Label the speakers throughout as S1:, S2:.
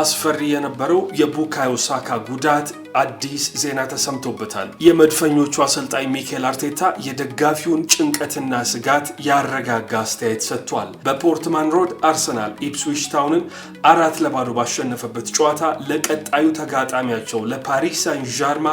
S1: አስፈሪ የነበረው የቡካዮ ሳካ ጉዳት አዲስ ዜና ተሰምቶበታል። የመድፈኞቹ አሰልጣኝ ሚኬል አርቴታ የደጋፊውን ጭንቀትና ስጋት ያረጋጋ አስተያየት ሰጥቷል። በፖርትማን ሮድ አርሰናል ኢፕስዊች ታውንን አራት ለባዶ ባሸነፈበት ጨዋታ ለቀጣዩ ተጋጣሚያቸው ለፓሪስ ሳን ዣርማ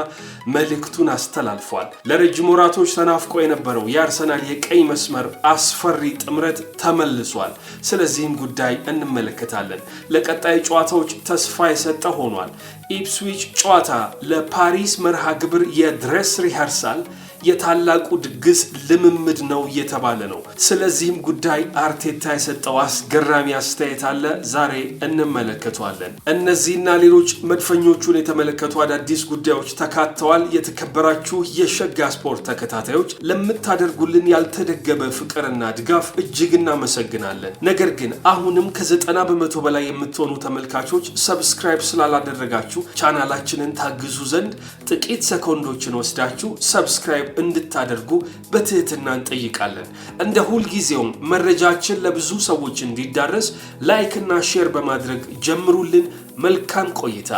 S1: መልእክቱን አስተላልፏል። ለረጅም ወራቶች ተናፍቆ የነበረው የአርሰናል የቀይ መስመር አስፈሪ ጥምረት ተመልሷል። ስለዚህም ጉዳይ እንመለከታለን። ለቀጣይ ጨዋታ ጨዋታዎች ተስፋ የሰጠ ሆኗል። ኢፕስዊች ጨዋታ ለፓሪስ መርሃ ግብር የድሬስ ሪሃርሳል የታላቁ ድግስ ልምምድ ነው እየተባለ ነው። ስለዚህም ጉዳይ አርቴታ የሰጠው አስገራሚ አስተያየት አለ። ዛሬ እንመለከተዋለን። እነዚህና ሌሎች መድፈኞቹን የተመለከቱ አዳዲስ ጉዳዮች ተካተዋል። የተከበራችሁ የሸጋ ስፖርት ተከታታዮች ለምታደርጉልን ያልተደገበ ፍቅርና ድጋፍ እጅግ እናመሰግናለን። ነገር ግን አሁንም ከዘጠና በመቶ በላይ የምትሆኑ ተመልካቾች ሰብስክራይብ ስላላደረጋችሁ ቻናላችንን ታግዙ ዘንድ ጥቂት ሰኮንዶችን ወስዳችሁ ሰብስክራይብ እንድታደርጉ በትህትና እንጠይቃለን። እንደ ሁልጊዜውም መረጃችን ለብዙ ሰዎች እንዲዳረስ ላይክና ሼር በማድረግ ጀምሩልን። መልካም ቆይታ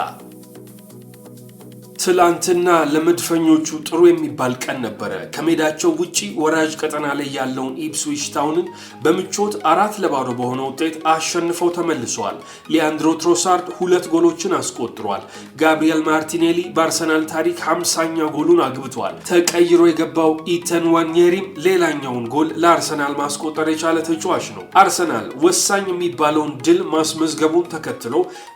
S1: ትላንትና ለመድፈኞቹ ጥሩ የሚባል ቀን ነበረ። ከሜዳቸው ውጪ ወራጅ ቀጠና ላይ ያለውን ኢፕስዊች ታውንን በምቾት አራት ለባዶ በሆነ ውጤት አሸንፈው ተመልሰዋል። ሊያንድሮ ትሮሳርድ ሁለት ጎሎችን አስቆጥሯል። ጋብሪኤል ማርቲኔሊ በአርሰናል ታሪክ ሀምሳኛ ጎሉን አግብቷል። ተቀይሮ የገባው ኢተን ዋንየሪም ሌላኛውን ጎል ለአርሰናል ማስቆጠር የቻለ ተጫዋች ነው። አርሰናል ወሳኝ የሚባለውን ድል ማስመዝገቡን ተከትሎ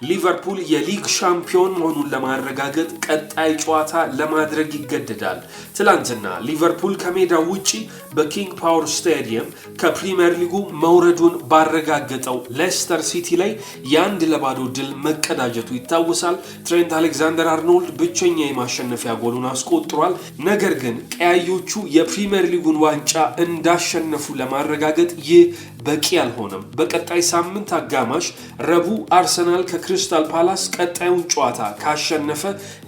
S1: ሊቨርፑል የሊግ ሻምፒዮን መሆኑን ለማረጋገጥ ቀጥ ቀጣይ ጨዋታ ለማድረግ ይገደዳል። ትላንትና ሊቨርፑል ከሜዳው ውጪ በኪንግ ፓወር ስታዲየም ከፕሪምየር ሊጉ መውረዱን ባረጋገጠው ሌስተር ሲቲ ላይ የአንድ ለባዶ ድል መቀዳጀቱ ይታወሳል። ትሬንት አሌክዛንደር አርኖልድ ብቸኛ የማሸነፊያ ጎሉን አስቆጥሯል። ነገር ግን ቀያዮቹ የፕሪምየር ሊጉን ዋንጫ እንዳሸነፉ ለማረጋገጥ ይህ በቂ አልሆነም። በቀጣይ ሳምንት አጋማሽ ረቡዕ አርሰናል ከክሪስታል ፓላስ ቀጣዩን ጨዋታ ካሸነፈ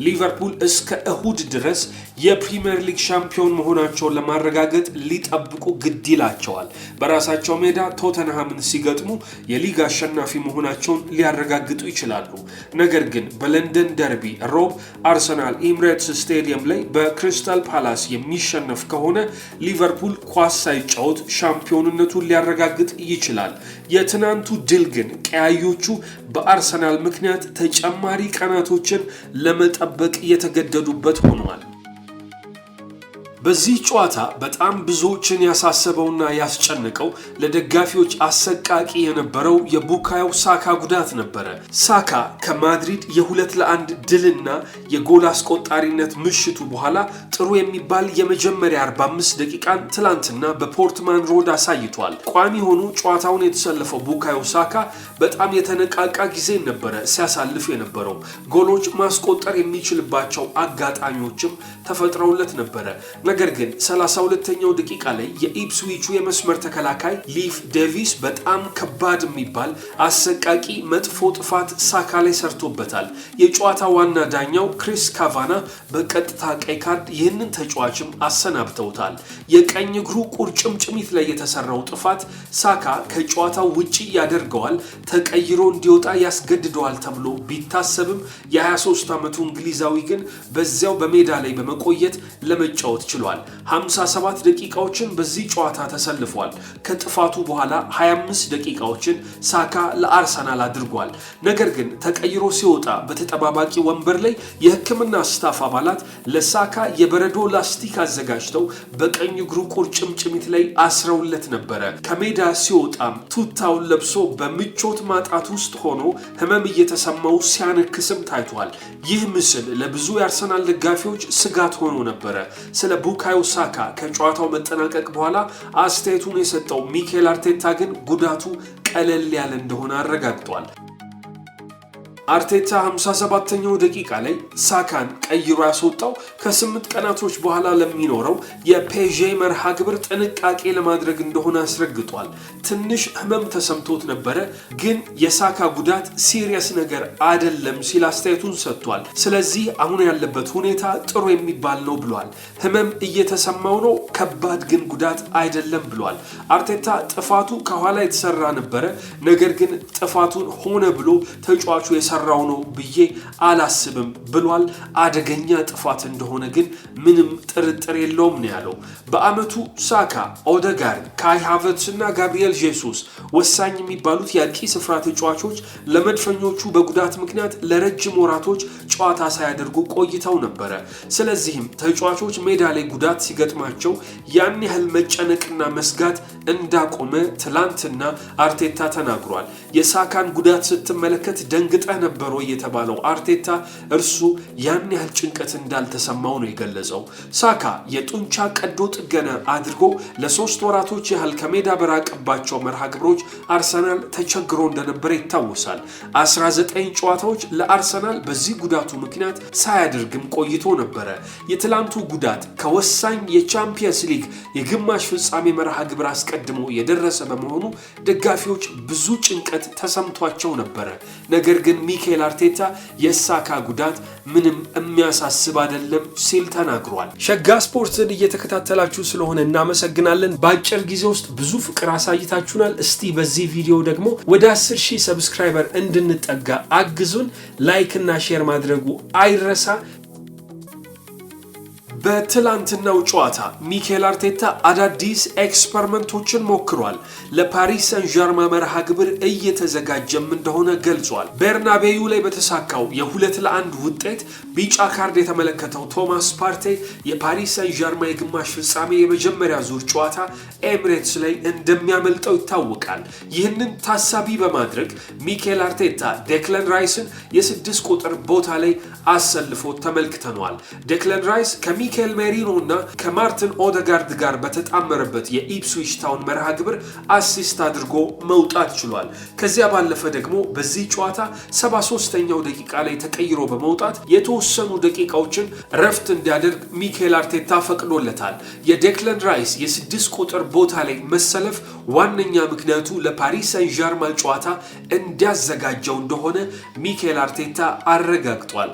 S1: ሊቨርፑል እስከ እሁድ ድረስ የፕሪምየር ሊግ ሻምፒዮን መሆናቸውን ለማረጋገጥ ሊጠብቁ ግድ ይላቸዋል። በራሳቸው ሜዳ ቶተንሃምን ሲገጥሙ የሊግ አሸናፊ መሆናቸውን ሊያረጋግጡ ይችላሉ። ነገር ግን በለንደን ደርቢ ሮብ አርሰናል ኢምሬትስ ስቴዲየም ላይ በክሪስታል ፓላስ የሚሸነፍ ከሆነ ሊቨርፑል ኳስ ሳይጫወት ሻምፒዮንነቱን ሊያረጋግጥ ሊያረጋግጥ ይችላል። የትናንቱ ድል ግን ቀያዮቹ በአርሰናል ምክንያት ተጨማሪ ቀናቶችን ለመጠበቅ የተገደዱበት ሆኗል። በዚህ ጨዋታ በጣም ብዙዎችን ያሳሰበውና ያስጨነቀው ለደጋፊዎች አሰቃቂ የነበረው የቡካዮ ሳካ ጉዳት ነበረ። ሳካ ከማድሪድ የሁለት ለአንድ ድልና የጎል አስቆጣሪነት ምሽቱ በኋላ ጥሩ የሚባል የመጀመሪያ 45 ደቂቃን ትላንትና በፖርትማን ሮድ አሳይቷል። ቋሚ ሆኖ ጨዋታውን የተሰለፈው ቡካዮ ሳካ በጣም የተነቃቃ ጊዜ ነበረ ሲያሳልፍ የነበረው። ጎሎች ማስቆጠር የሚችልባቸው አጋጣሚዎችም ተፈጥረውለት ነበረ። ነገር ግን 32ኛው ደቂቃ ላይ የኢፕስዊቹ የመስመር ተከላካይ ሊፍ ዴቪስ በጣም ከባድ የሚባል አሰቃቂ መጥፎ ጥፋት ሳካ ላይ ሰርቶበታል። የጨዋታ ዋና ዳኛው ክሪስ ካቫና በቀጥታ ቀይ ካርድ ይህንን ተጫዋችም አሰናብተውታል። የቀኝ እግሩ ቁርጭምጭሚት ላይ የተሰራው ጥፋት ሳካ ከጨዋታው ውጪ ያደርገዋል፣ ተቀይሮ እንዲወጣ ያስገድደዋል ተብሎ ቢታሰብም የ23 ዓመቱ እንግሊዛዊ ግን በዚያው በሜዳ ላይ በመቆየት ለመጫወት ችሏል። ተከላክሏል። 57 ደቂቃዎችን በዚህ ጨዋታ ተሰልፏል። ከጥፋቱ በኋላ 25 ደቂቃዎችን ሳካ ለአርሰናል አድርጓል። ነገር ግን ተቀይሮ ሲወጣ በተጠባባቂ ወንበር ላይ የሕክምና ስታፍ አባላት ለሳካ የበረዶ ላስቲክ አዘጋጅተው በቀኝ እግሩ ቁርጭምጭሚት ላይ አስረውለት ነበረ። ከሜዳ ሲወጣም ቱታውን ለብሶ በምቾት ማጣት ውስጥ ሆኖ ህመም እየተሰማው ሲያነክስም ታይቷል። ይህ ምስል ለብዙ የአርሰናል ደጋፊዎች ስጋት ሆኖ ነበረ። ስለ ለቡካዮ ሳካ ከጨዋታው መጠናቀቅ በኋላ አስተያየቱን የሰጠው ሚኬል አርቴታ ግን ጉዳቱ ቀለል ያለ እንደሆነ አረጋግጧል። አርቴታ 57ኛው ደቂቃ ላይ ሳካን ቀይሮ ያስወጣው ከስምንት ቀናቶች በኋላ ለሚኖረው የፔዤ መርሃ ግብር ጥንቃቄ ለማድረግ እንደሆነ አስረግጧል። ትንሽ ህመም ተሰምቶት ነበረ፣ ግን የሳካ ጉዳት ሲሪየስ ነገር አይደለም ሲል አስተያየቱን ሰጥቷል። ስለዚህ አሁን ያለበት ሁኔታ ጥሩ የሚባል ነው ብሏል። ህመም እየተሰማው ነው፣ ከባድ ግን ጉዳት አይደለም ብሏል። አርቴታ ጥፋቱ ከኋላ የተሰራ ነበረ፣ ነገር ግን ጥፋቱን ሆነ ብሎ ተጫዋቹ እየሰራው ነው ብዬ አላስብም ብሏል። አደገኛ ጥፋት እንደሆነ ግን ምንም ጥርጥር የለውም ነው ያለው። በአመቱ ሳካ፣ ኦደጋርድ፣ ካይ ሃቨርትስ እና ጋብሪኤል ጄሱስ ወሳኝ የሚባሉት የአጥቂ ስፍራ ተጫዋቾች ለመድፈኞቹ በጉዳት ምክንያት ለረጅም ወራቶች ጨዋታ ሳያደርጉ ቆይተው ነበረ። ስለዚህም ተጫዋቾች ሜዳ ላይ ጉዳት ሲገጥማቸው ያን ያህል መጨነቅና መስጋት እንዳቆመ ትላንትና አርቴታ ተናግሯል። የሳካን ጉዳት ስትመለከት ደንግጠህ ነበሮ የተባለው አርቴታ እርሱ ያን ያህል ጭንቀት እንዳልተሰማው ነው የገለጸው። ሳካ የጡንቻ ቀዶ ጥገና አድርጎ ለሶስት ወራቶች ያህል ከሜዳ በራቀባቸው መርሃ ግብሮች አርሰናል ተቸግሮ እንደነበረ ይታወሳል። 19 ጨዋታዎች ለአርሰናል በዚህ ጉዳቱ ምክንያት ሳያደርግም ቆይቶ ነበረ። የትላንቱ ጉዳት ከወሳኝ የቻምፒየንስ ሊግ የግማሽ ፍጻሜ መርሃ ግብር አስቀ አስቀድሞ የደረሰ በመሆኑ ደጋፊዎች ብዙ ጭንቀት ተሰምቷቸው ነበረ። ነገር ግን ሚካኤል አርቴታ የሳካ ጉዳት ምንም የሚያሳስብ አይደለም ሲል ተናግሯል። ሸጋ ስፖርትን እየተከታተላችሁ ስለሆነ እናመሰግናለን። በአጭር ጊዜ ውስጥ ብዙ ፍቅር አሳይታችሁናል። እስቲ በዚህ ቪዲዮ ደግሞ ወደ 10 ሺህ ሰብስክራይበር እንድንጠጋ አግዙን። ላይክ እና ሼር ማድረጉ አይረሳ። በትላንትናው ጨዋታ ሚኬል አርቴታ አዳዲስ ኤክስፐሪመንቶችን ሞክሯል። ለፓሪስ ሰን ዠርማ መርሃ ግብር እየተዘጋጀም እንደሆነ ገልጿል። በርናቤዩ ላይ በተሳካው የሁለት ለአንድ ውጤት ቢጫ ካርድ የተመለከተው ቶማስ ፓርቴ የፓሪስ ሰን ዠርማ የግማሽ ፍጻሜ የመጀመሪያ ዙር ጨዋታ ኤምሬትስ ላይ እንደሚያመልጠው ይታወቃል። ይህንን ታሳቢ በማድረግ ሚኬል አርቴታ ዴክለን ራይስን የስድስት ቁጥር ቦታ ላይ አሰልፎ ተመልክተነዋል። ዴክለን ራይስ ከሚ ሚኬል ሜሪኖ እና ከማርትን ኦደጋርድ ጋር በተጣመረበት የኢፕስዊች ታውን መርሃ ግብር አሲስት አድርጎ መውጣት ችሏል። ከዚያ ባለፈ ደግሞ በዚህ ጨዋታ 73ኛው ደቂቃ ላይ ተቀይሮ በመውጣት የተወሰኑ ደቂቃዎችን ረፍት እንዲያደርግ ሚኬል አርቴታ ፈቅዶለታል። የዴክለን ራይስ የስድስት ቁጥር ቦታ ላይ መሰለፍ ዋነኛ ምክንያቱ ለፓሪስ ሳን ዣርማን ጨዋታ እንዲያዘጋጀው እንደሆነ ሚኬል አርቴታ አረጋግጧል።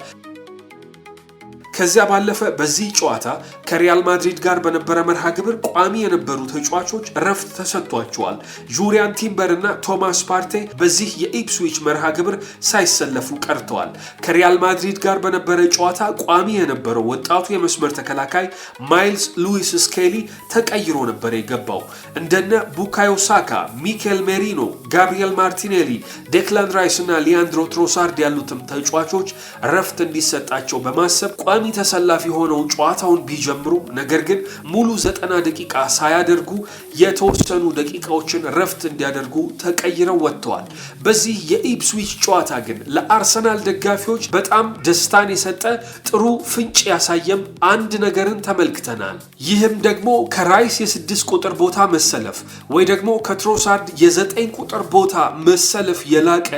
S1: ከዚያ ባለፈ በዚህ ጨዋታ ከሪያል ማድሪድ ጋር በነበረ መርሃ ግብር ቋሚ የነበሩ ተጫዋቾች እረፍት ተሰጥቷቸዋል። ጁሪያን ቲምበር እና ቶማስ ፓርቴ በዚህ የኢፕስዊች መርሃ ግብር ሳይሰለፉ ቀርተዋል። ከሪያል ማድሪድ ጋር በነበረ ጨዋታ ቋሚ የነበረው ወጣቱ የመስመር ተከላካይ ማይልስ ሉዊስ ስኬሊ ተቀይሮ ነበር የገባው። እንደነ ቡካዮ ሳካ፣ ሚኬል ሜሪኖ፣ ጋብሪኤል ማርቲኔሊ፣ ዴክላን ራይስ እና ሊያንድሮ ትሮሳርድ ያሉትም ተጫዋቾች እረፍት እንዲሰጣቸው በማሰብ ቋሚ ቋሚ ተሰላፊ ሆነው ጨዋታውን ቢጀምሩም ነገር ግን ሙሉ ዘጠና ደቂቃ ሳያደርጉ የተወሰኑ ደቂቃዎችን ረፍት እንዲያደርጉ ተቀይረው ወጥተዋል። በዚህ የኢፕስዊች ጨዋታ ግን ለአርሰናል ደጋፊዎች በጣም ደስታን የሰጠ ጥሩ ፍንጭ ያሳየም አንድ ነገርን ተመልክተናል። ይህም ደግሞ ከራይስ የስድስት ቁጥር ቦታ መሰለፍ ወይ ደግሞ ከትሮሳርድ የዘጠኝ ቁጥር ቦታ መሰለፍ የላቀ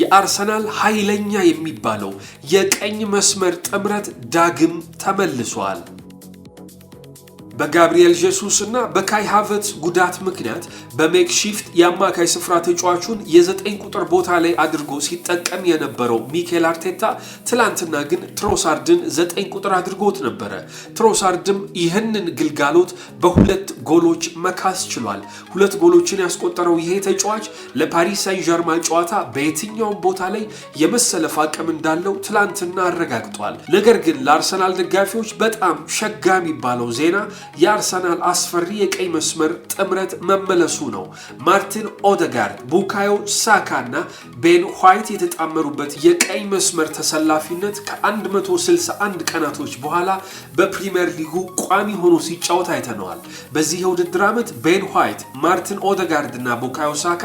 S1: የአርሰናል ኃይለኛ የሚባለው የቀኝ መስመር ጥምረት ዳግም ተመልሷል። በጋብሪኤል ጀሱስ እና በካይ ሃቨርትዝ ጉዳት ምክንያት በሜክሺፍት የአማካይ ስፍራ ተጫዋቹን የዘጠኝ ቁጥር ቦታ ላይ አድርጎ ሲጠቀም የነበረው ሚኬል አርቴታ ትላንትና ግን ትሮሳርድን ዘጠኝ ቁጥር አድርጎት ነበረ። ትሮሳርድም ይህንን ግልጋሎት በሁለት ጎሎች መካስ ችሏል። ሁለት ጎሎችን ያስቆጠረው ይሄ ተጫዋች ለፓሪስ ሳን ዠርማን ጨዋታ በየትኛውም ቦታ ላይ የመሰለፍ አቅም እንዳለው ትላንትና አረጋግጧል። ነገር ግን ለአርሰናል ደጋፊዎች በጣም ሸጋ የሚባለው ዜና የአርሰናል አስፈሪ የቀይ መስመር ጥምረት መመለሱ ነው። ማርቲን ኦደጋርድ፣ ቡካዮ ሳካ እና ቤን ኋይት የተጣመሩበት የቀይ መስመር ተሰላፊነት ከ161 ቀናቶች በኋላ በፕሪምየር ሊጉ ቋሚ ሆኖ ሲጫወት አይተነዋል። በዚህ የውድድር ዓመት ቤን ኋይት፣ ማርቲን ኦደጋርድ እና ቡካዮ ሳካ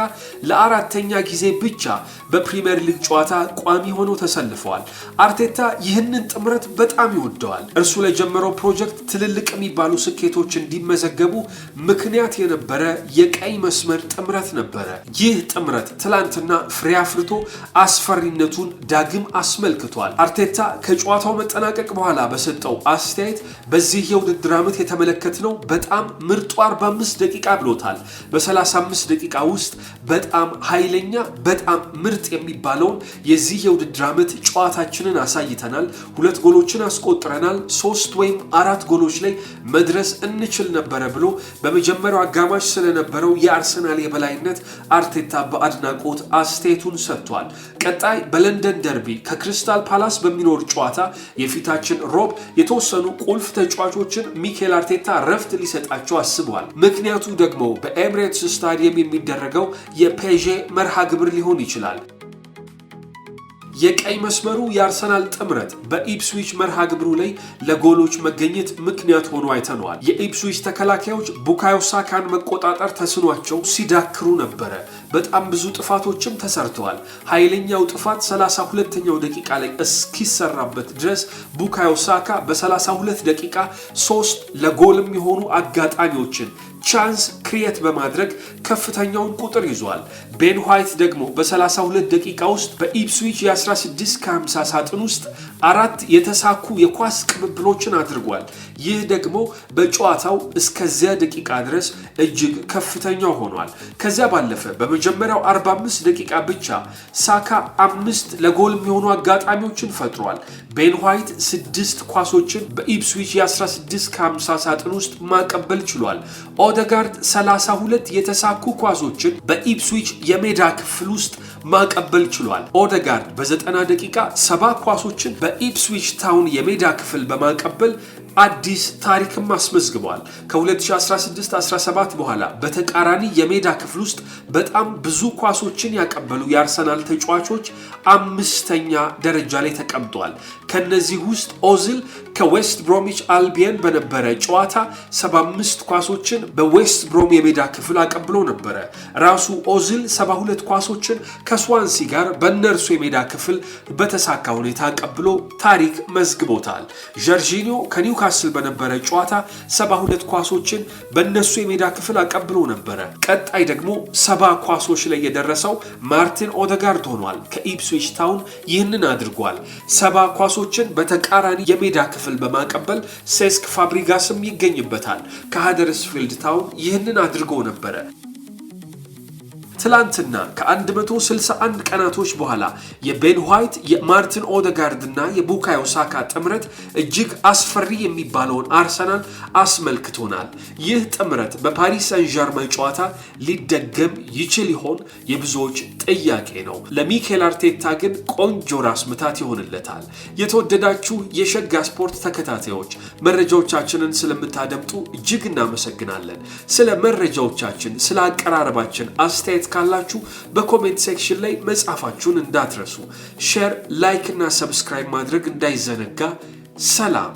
S1: ለአራተኛ ጊዜ ብቻ በፕሪምየር ሊግ ጨዋታ ቋሚ ሆኖ ተሰልፈዋል። አርቴታ ይህንን ጥምረት በጣም ይወደዋል። እርሱ ለጀመረው ፕሮጀክት ትልልቅ የሚባሉ ስኬቶች እንዲመዘገቡ ምክንያት የነበረ የቀይ መስመር ጥምረት ነበረ። ይህ ጥምረት ትላንትና ፍሬ አፍርቶ አስፈሪነቱን ዳግም አስመልክቷል። አርቴታ ከጨዋታው መጠናቀቅ በኋላ በሰጠው አስተያየት በዚህ የውድድር ዓመት የተመለከትነው በጣም ምርጡ 45 ደቂቃ ብሎታል። በ35 ደቂቃ ውስጥ በጣም ኃይለኛ፣ በጣም ምርጥ የሚባለውን የዚህ የውድድር ዓመት ጨዋታችንን አሳይተናል። ሁለት ጎሎችን አስቆጥረናል። ሶስት ወይም አራት ጎሎች ላይ መድረስ መድረስ እንችል ነበረ ብሎ በመጀመሪያው አጋማሽ ስለነበረው የአርሰናል የበላይነት አርቴታ በአድናቆት አስተያየቱን ሰጥቷል። ቀጣይ በለንደን ደርቢ ከክሪስታል ፓላስ በሚኖር ጨዋታ የፊታችን ሮብ የተወሰኑ ቁልፍ ተጫዋቾችን ሚኬል አርቴታ ረፍት ሊሰጣቸው አስቧል። ምክንያቱ ደግሞ በኤምሬትስ ስታዲየም የሚደረገው የፔዤ መርሃ ግብር ሊሆን ይችላል። የቀይ መስመሩ የአርሰናል ጥምረት በኢፕስዊች መርሃ ግብሩ ላይ ለጎሎች መገኘት ምክንያት ሆኖ አይተነዋል። የኢፕስዊች ተከላካዮች ቡካዮ ሳካን መቆጣጠር ተስኗቸው ሲዳክሩ ነበረ። በጣም ብዙ ጥፋቶችም ተሰርተዋል። ኃይለኛው ጥፋት 32ኛው ደቂቃ ላይ እስኪሰራበት ድረስ ቡካዮ ሳካ በ32 ደቂቃ ሶስት ለጎል የሚሆኑ አጋጣሚዎችን ቻንስ ክሪየት በማድረግ ከፍተኛውን ቁጥር ይዟል። ቤን ዋይት ደግሞ በ32 ደቂቃ ውስጥ በኢፕስዊች የ16 ከ50 ሳጥን ውስጥ አራት የተሳኩ የኳስ ቅብብሎችን አድርጓል። ይህ ደግሞ በጨዋታው እስከዚያ ደቂቃ ድረስ እጅግ ከፍተኛው ሆኗል። ከዚያ ባለፈ በመጀመሪያው 45 ደቂቃ ብቻ ሳካ አምስት ለጎል የሚሆኑ አጋጣሚዎችን ፈጥሯል። ቤን ዋይት ስድስት ኳሶችን በኢፕስዊች የ16 ከ50 ሳጥን ውስጥ ማቀበል ችሏል። ኦደጋርድ 32 የተሳኩ ኳሶችን በኢፕስዊች የሜዳ ክፍል ውስጥ ማቀበል ችሏል። ኦደጋርድ በ90 ደቂቃ ሰባ ኳሶችን በኢፕስዊች ታውን የሜዳ ክፍል በማቀበል አዲስ ታሪክም አስመዝግበዋል። ከ2016-17 በኋላ በተቃራኒ የሜዳ ክፍል ውስጥ በጣም ብዙ ኳሶችን ያቀበሉ የአርሰናል ተጫዋቾች አምስተኛ ደረጃ ላይ ተቀምጠዋል። ከነዚህ ውስጥ ኦዝል ከዌስት ብሮሚች አልቢየን በነበረ ጨዋታ 75 ኳሶችን በዌስት ብሮም የሜዳ ክፍል አቀብሎ ነበረ። ራሱ ኦዝል 72 ኳሶችን ከስዋንሲ ጋር በእነርሱ የሜዳ ክፍል በተሳካ ሁኔታ አቀብሎ ታሪክ መዝግቦታል። ጀርጂኒዮ ከኒውካስል በነበረ ጨዋታ 72 ኳሶችን በእነሱ የሜዳ ክፍል አቀብሎ ነበረ። ቀጣይ ደግሞ ሰባ ኳሶች ላይ የደረሰው ማርቲን ኦደጋርድ ሆኗል። ከኢፕስዊች ታውን ይህንን አድርጓል። ሰባ ኳሶ ኳሶችን በተቃራኒ የሜዳ ክፍል በማቀበል ሴስክ ፋብሪጋስም ይገኝበታል። ከሃደርስፊልድ ታውን ይህንን አድርጎ ነበረ። ትላንትና ከ161 ቀናቶች በኋላ የቤን ዋይት የማርቲን ኦደጋርድ እና የቡካዮ ሳካ ጥምረት እጅግ አስፈሪ የሚባለውን አርሰናል አስመልክቶናል። ይህ ጥምረት በፓሪስ ሳን ዠርማን ጨዋታ ሊደገም ይችል ይሆን የብዙዎች ጥያቄ ነው። ለሚኬል አርቴታ ግን ቆንጆ ራስ ምታት ይሆንለታል። የተወደዳችሁ የሸጋ ስፖርት ተከታታዮች መረጃዎቻችንን ስለምታደምጡ እጅግ እናመሰግናለን። ስለ መረጃዎቻችን፣ ስለ አቀራረባችን አስተያየት ካላችሁ በኮሜንት ሴክሽን ላይ መጻፋችሁን እንዳትረሱ። ሼር፣ ላይክ እና ሰብስክራይብ ማድረግ እንዳይዘነጋ። ሰላም